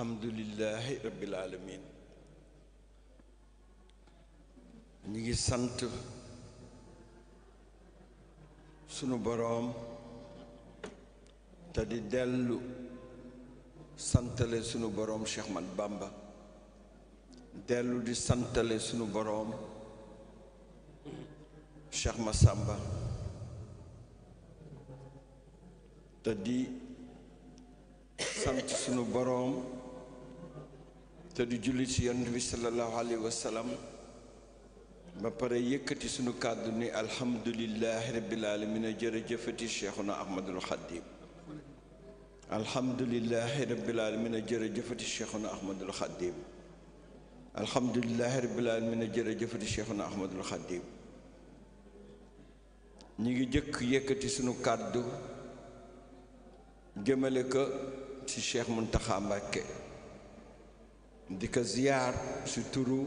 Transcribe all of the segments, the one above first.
الحمد لله رب العالمين ñu ngi sant sunu boroom te di dellu santale sunu boroom Cheikh Mat Bamba dellu di santale sunu boroom Cheikh Massamba te di sant sunu boroom تدي جلس النبي صلى الله عليه وسلم ما بري يكتي سنو كادني الحمد لله رب العالمين جرجفتي شيخنا احمد الخديب الحمد لله رب العالمين جرجفتي شيخنا احمد الخديب الحمد لله رب العالمين جرجفتي شيخنا احمد الخديب نيجي جك يكتي سنو كادو جمالك شيخ منتخب مكه di ko ziyaar si turu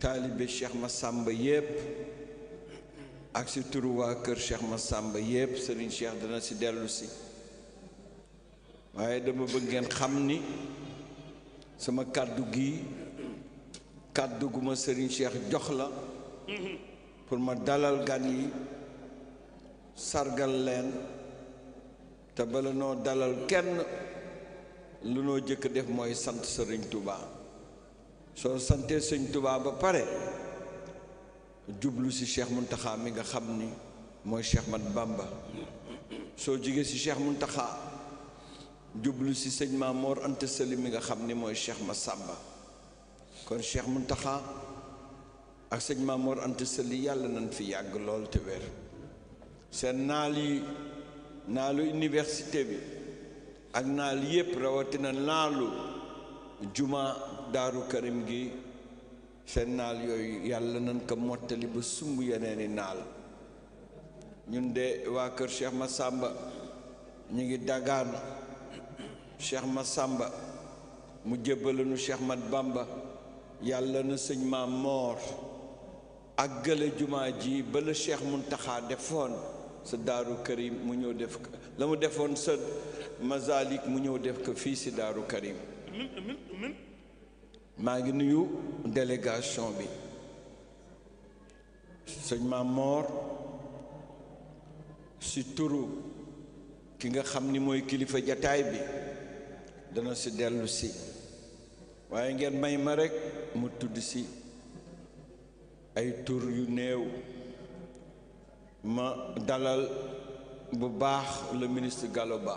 taalibe Cheikh Massamba yépp ak si turu waa kër Cheikh Massamba yépp Serigne Cheikh dana ci dellusi waaye dama bëgg ngeen xam ni sama kàddu gi kàddu gu ma Serigne Cheikh jox la pour ma dalal gan yi sargal leen te bala noo dalal kenn lu noo jëkk def mooy sant sëriñ tubaa soo santee sëriñ tubaa ba pare jublu ci cheikh muntaxa mi nga xam ni mooy cheikh mat bamba soo jigee si cheikh muntaxa jublu ci sëñ ma moor anta sali mi nga xam ni mooy cheikh ma sàmba kon cheikh muntaxa ak sëñ ma moor anta sali yàlla nañ fi yàgg lool te wér seen naal yi naalu bi ak naal yépp rawatina naalu juma daaru karim gi seen naal yooyu yàlla nan ko mottali ba sumb yeneeni naal ñun de waa kër ma sàmba ñu ngi dagaan ma sàmba mu jébbalanu Cheikh Mat Bamba yàlla na sëñ maam moor ak gële jumaa ji ba la Cheikh taxaa defoon sa daaru karim mu ñëw def la mu defoon sa mazalik mu ñëw def ko fi ci daru Karim maa ngi nuyu délégation bi seigne Ma Mor si turu ki nga xamni ni kilifa jataay bi dana ci delu ci waye ngeen may ma mu ay yu ma dalal bu baax le ministre Galoba.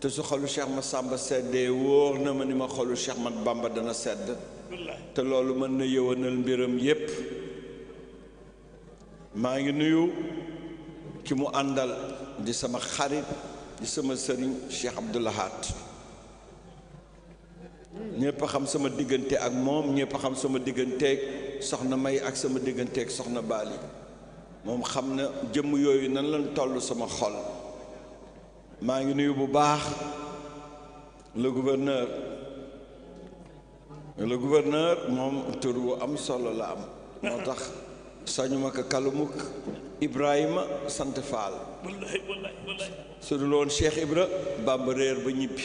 te su xolu Cheikh ma sàmba seddee wóor na ma ni ma xolu Cheikh Mat bàmba dana sedd te loolu mën na yëwanal mbiram yépp maa ngi nuyu ci mu àndal di sama xarit di sama sëriñ Cheikh Abdou ñépp xam sama diggante ak moom ñëpp xam sama digganteeg soxna May ak sama digganteeg soxna Bali moom xam na jëmm yooyu nan lañ tollu sama xol maa ngi nuyu bu baax la gouverneur le gouverneur moom tur bu am solo la am moo tax sañuma ko kalumuk Ibrahima sant Faal su dul woon Cheikh Ibra Bamba réer ba ñibbi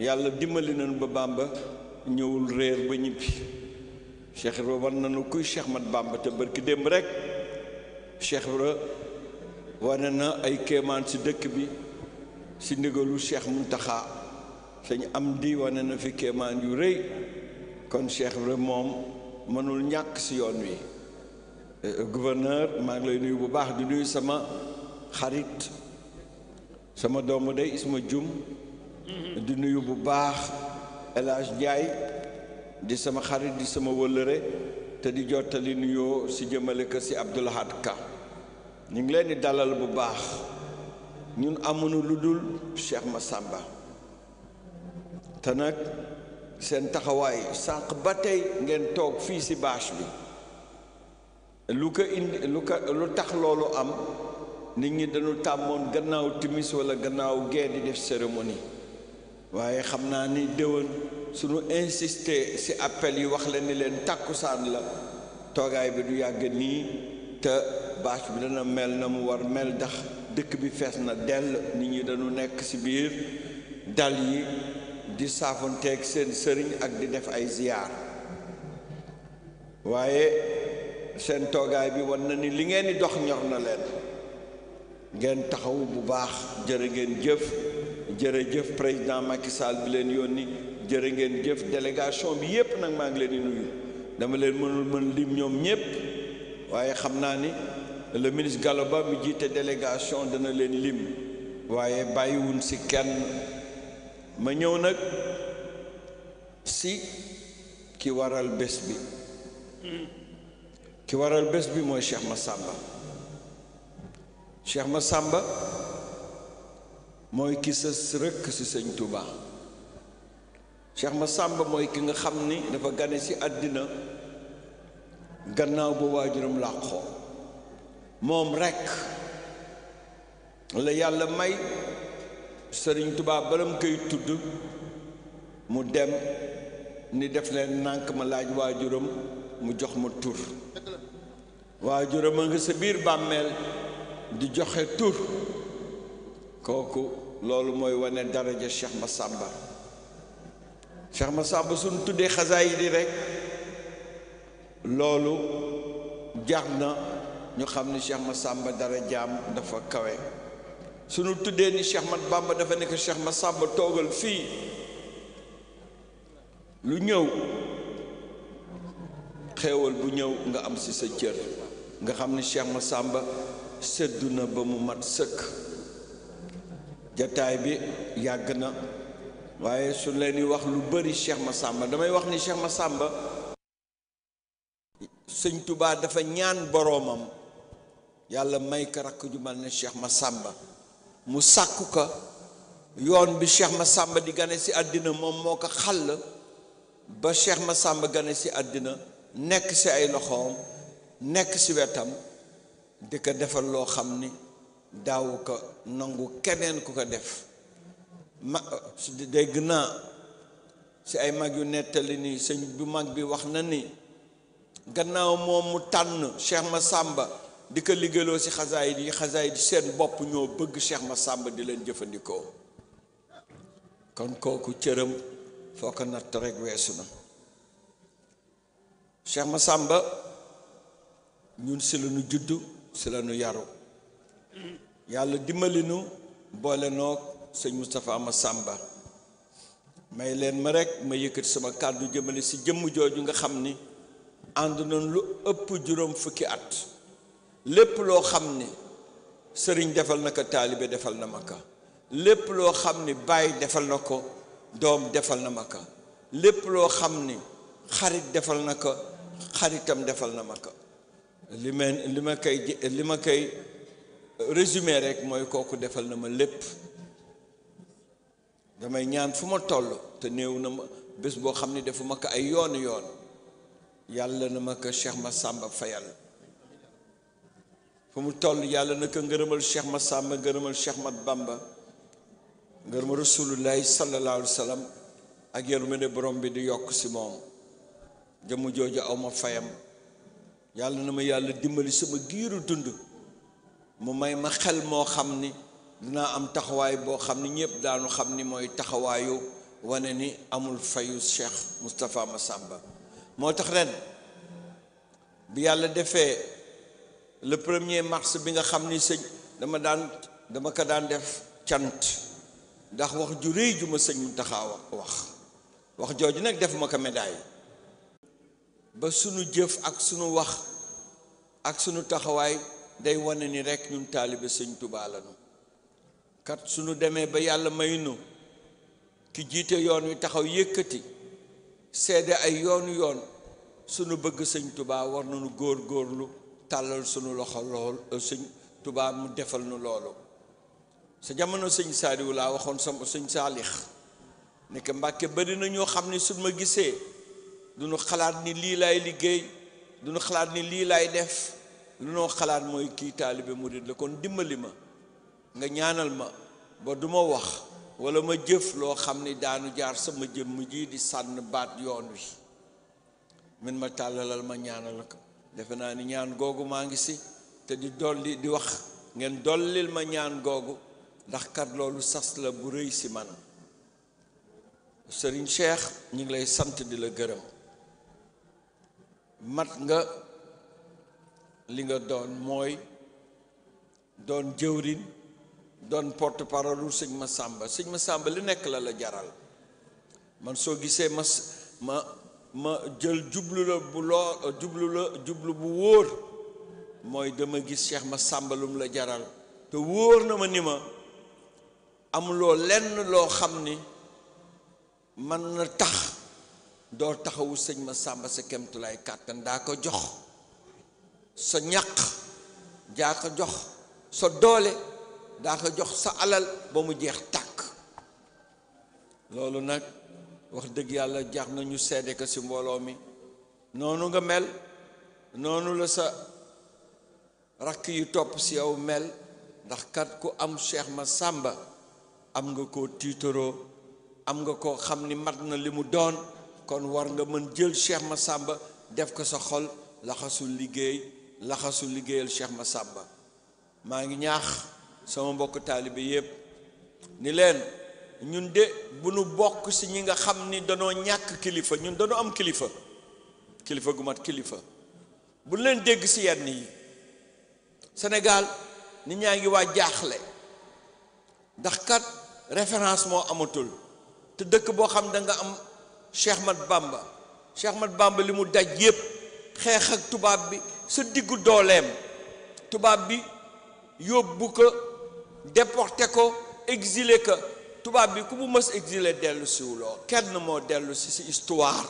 yàlla dimbali nañu ba Bamba ñëwul réer ba ñibbi Cheikh Ibra war nañu kuy Cheikh Mat bàmba te ki démb rekk Cheikh Ibra wane na ay kéemaan si dëkk bi si ndigalu Cheikh Muntaxa sëñ am di na fi kéemaan yu rëy kon Cheikh Ibra moom mënul ñàkk si yoon wi eh, eh, gouverneur maa ngi lay nuyu bu baax di nuyu sama xarit sama doomu day Isma Jum di nuyu bu baax El Hadj di sama xarit di sama wëllëre te di jottali si jëmale ko si Abdul Ahad Ka ñu ngi leen di dalal bu baax ñun amuñu lu dul ma sàmba te nag seen taxawaay sànq ba tey ngeen toog fii ci bâche bi lu ko indi lu ko lu tax loolu am nit ñi dañu tàmmoon gannaaw timis walla gannaaw gee di def cérémonie waaye xam naa ni déwén suñu insister ci appel yi wax leen ni leen tàkkusaan la toogaay bi du yàgg nii te baax bi dana mel na mu war mel ndax dëkk bi fees na dell nit ñi dañu nekk ci biir dal yi di saafonteeg seen sëriñ ak di def ay ziyaar waaye seen toogaay bi wan na ni li ngeen di dox ñor na leen ngeen taxaw bu baax jërë ngeen jëf jëf président Macky Sall bi leen yónni jërë ngeen jëf délégation bi yépp nag maa ngi leen di nuyu dama leen mënul mën lim ñoom ñépp waaye xam naa ni le ministre galo Ba mi jiite délégation dana leen lim waaye bàyyiwul ci kenn ma ñëw nag si ki waral bés bi ki waral bés bi mooy Cheikh Massamba Cheikh Massamba mooy ki sës rëkk ci sëñ Touba ma sàmba mooy ki nga xam ni dafa gane ci àddina gannaaw ba waajuram làqoo moom rekk la yàlla may sëriñ tubaab balam koy tudd mu dem ni def leen nànk ma laaj waajuram mu jox ma tur waajuram a nga sa biir bàmmeel di joxe tur kooku loolu mooy wane daraja Cheikh Massamba ma Massamba suñ tuddee xasaay yi di rekk loolu jar na ñu xam ni Cheikh sàmba dara jaam dafa kawe suñu tuddee ni Cheikh Mat Bamba dafa nekk Cheikh sàmba toogal fii lu ñëw xewal bu ñëw nga am ci sa cër nga xam ni Cheikh sàmba séddu na ba mu mat sëkk jataay bi yàgg na waaye su leen wax lu bari Cheikh sàmba damay wax ni Cheikh Massamba sëñ Tuubaa dafa ñaan boroomam yàlla may ko rakk ju mel ne Cheikh Massamba mu sàkku ko yoon bi Cheikh Massamba di gane si adina moom moo ko ba Cheikh Massamba gane si adina nek si ay loxoom nek si wetam di ko defal loo xam ni daawu ko nangu keneen ku ko def ma dégg na si ay mag yu nettali nii sëñ bu mag bi wax na ni gannaaw moom mu tànn Cheikh di ko liggéeyloo ci xasaayid yi xasaayid yi seen bopp ñoo bëgg ma sàmba di leen jëfandikoo kon kooku cëram foo ko natt rek weesu na Cheikh sàmba ñun si la ñu judd si la ñu yaru yàlla dimbali nu boole noog sëñ ma sàmba may leen ma rek ma yëkkati sama kàddu jëmale si jëmm jooju nga xam ni ànd nañ lu ëpp juróom fukki at lépp lo xam serigne defal naka talibé defal na maka lépp lo xam ni defal nako dom defal na maka lépp lo xam xarit defal nako xaritam defal na maka ka lima kay lima kay résumé rek moy koku defal na ma lépp damay ñaan fuma ma toll te néew na ma bés bo xam defuma ka ay yoon yoon yàlla na ma ko Cheikh Massamba fayal fu mu toll yàlla na ko ngërëmal cheikh ma sàmba cheikh mat bamba ngërëmal Rasulullah sallallahu Alaihi Wasallam sallam ak yërma ne borom bi di fayam yàlla na ma yàlla dimbali sama giiru dund mu may ma xel moo xam ni am taxawaay boo xam ni daanu xam ni mooy amul fayu cheikh Mustafa Masamba. sàmba moo tax ren bi defee le premier marse bi nga xam ni sëñ dama daan dama ko daan def cant ndax wax ju rëy ju ma sëñ Muntaxa wax wax jooju nag def ma ko medaay ba sunu jëf ak sunu wax ak sunu taxawaay day wane ni rek ñun taalibe sëñ Tuubaa kat suñu demee ba yàlla may nu ki jiite yoon wi taxaw yëkkati seede ay yoonu yoon sunu bëgg sëñ tubaa war nañu góor góorlu tàllal suñu loxo lool euh, sëñ Tuubaa defal nu loolu sa jamono sëñ Saaliw laa waxoon sama sëñ Saalix nekk Mbàkke bari na ñoo xam ne su ma gisee du nu xalaat ni lii laay liggéey du nu xalaat ni lii laay def lu noo xalaat mooy kii taalibe murid la kon dimbali ma nga ñaanal ma ba duma wax walla ma jëf loo xam ni daanu jaar sama jëmm ji di sànn baat yoon wi min ma tàllalal ma ñaanal ko defe naa ni ñaan googu maa ngi si te di dolli di wax ngeen dollil ma ñaan googu ndax kat loolu sas la bu rëy si man sëriñ cheikh ñi ngi lay di la mat nga li nga doon don doon don doon porte parole u sëñ ma sàmba sëñ ma li la la jaral man soo gisee ma ma jël jublu la bu loo jublu la jublu bu wóor mooy dama gis cheikh ma sàmbalum la jaral te wóor na ma ni ma amuloo lenn loo xam ni man na tax doo taxawu sëñ ma sàmba sa kemtulaay kàttan daa ko jox sa ñàq jaa ko jox sa doole daa ko jox sa alal ba mu jeex tàkk loolu nag wax dëgg yàlla jaax na ñu seede ko ci mbooloo mi noonu nga mel noonu la sa rakk yu topp ci yow mel ndax kat ku am ma sàmba am nga koo tiitaroo am nga koo xam ni mat na li mu doon kon war nga mën jël ma sàmba def ko sa xol laxasul liggéey laxasul liggéeyal Cheikh Massamba maa ngi ñaax sama mbokk taalibe yépp ni leen ñun de bu nu bokk si ñi nga xam ni danoo ñàkk kilifa ñun danoo am kilifa kilifa gu mat kilifa bu leen dégg si yenn yi senegal nit ñaa ngi waa jaaxle ndax kat référence moo amatul te dëkk boo xam ne danga am Cheikh Mat Bamba Cheikh Mat Bamba li mu daj yépp xeex ak tubaab bi sa diggu dooleem tubaab bi yóbbu ko déporté ko exilé ko tuba bi ku bu mas exilé delu ci siwuloo kenn mo delu ci ci histoire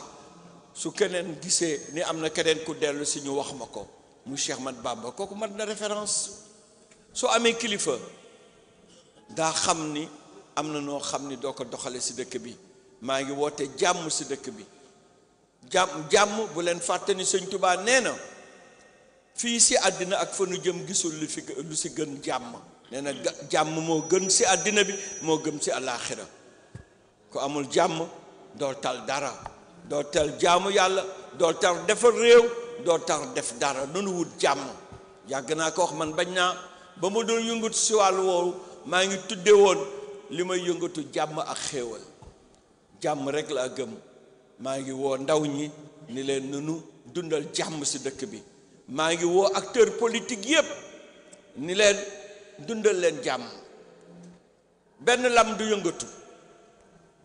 su keneen gisee ni am na keneen ku delu ci ñu wax ma ko muy Cheikh Mat Bamba koku mat na référence su amee kilifa daa xam ni am na noo xam ni doo ko doxale si dëkk bi maa ngi woote jàmm si dëkk bi jàmm jàmm bu leen fàtte ni sëñ Tubaa nee na fii si àddina ak fa nu jëm gisul lu fi lu si gën jàmm nee na jàmm moo gën ci àddina bi moo gën ci àllaaxira ku amul jàmm doo dara doo jàmm yàlla doo tal defar réew doo def dara nunu wut jàmm yàgg naa ko wax man bañ naa ba mu doon yëngatu si wàllu woowu maa ngi tudde woon li may yëngatu jàmm ak xéewal jàmm rekk laa gëm maa ngi woo ndaw ñi ni leen nunu dundal jàmm si dëkk bi maa ngi woo acteur politique yépp ni leen dundal leen jàmm benn lam du yëngatu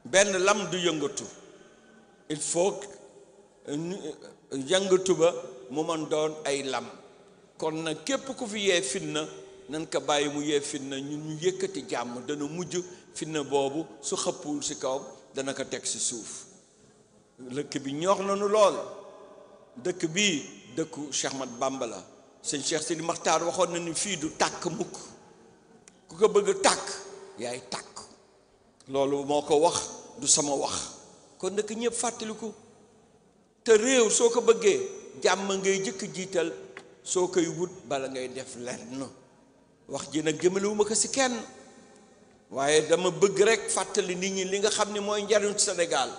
benn lam du yëngatu il faut euh, yëngatu ba mu mën doon ay lam kon nag képp ku fi yee fitna nan ko bàyyi mu yee fitna ñu ñu yëkkati jàmm dana mujj fitna boobu su xëppul ci kaw dana ko teg ci suuf lëkk bi ñoox nanu lool dëkk bii dëkku Cheikh Mat Bamba la sëñ Cheikh Sidi Maxtaar waxoon na ni fii du tàkk mukk ku ko bëgg tàkk yaay tàkk loolu moo ko wax du sama wax kon nag ñëpp fàttaliku te réew soo ko bëggee jàmm ngay jëkk jiital soo koy wut bala ngay def lenn wax ji nag jëmalewuma ko si kenn waaye dama bëgg rek fàttali nit ñi li nga xam ne mooy njariñu Sénégal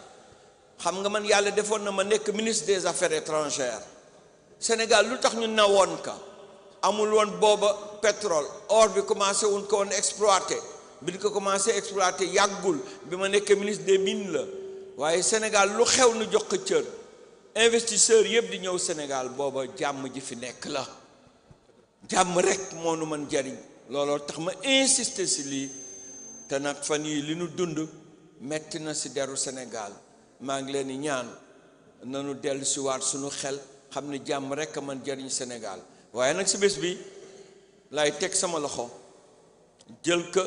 xam nga man yàlla defoon na ma nekk ministre des affaires étrangères Sénégal lu tax ñu nawoon ka amul woon petrol, pétrole or bi commencé wuñ ko woon exploité bi ñu ko commencé exploité yàggul bi ma ministre des mines la waaye Sénégal lu xew nu jox ko investisseur di Sénégal booba jàmm ji fi nekk la jàmm rek moo nu mën jariñ looloo tax ma insister si te fan li nu dund metti na si deru Sénégal maa ngi leen di ñaan nanu dellu si suñu xel rek jariñ Sénégal waaye nag si bés bi laay teg sama loxo jël ko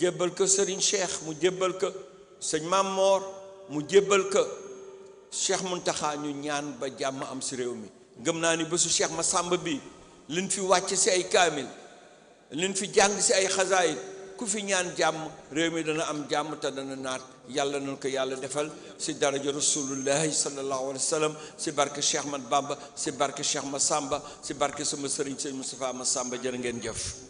jébbal ko Serigne Cheikh mu jébbal ko sëñ Maam Moor mu jébbal ko Cheikh Muntaxa ñu ñaan ba jàmm am si réew mi ngëm naa ni bésu Cheikh ma Massamba bi liñ fi wàcc si ay kaamil liñ fi jàng si ay xasaayid ku fi ñaan jàmm réew mi dana am jàmm te dana naat yàlla nañu ko yàlla defal si daraja rasulullahi sallallahu alayhi wa sallam si barke Cheikh man Bamba si barke ma Massamba si barke sama sëriñ sëñ ma sàmba jërë ngeen jëf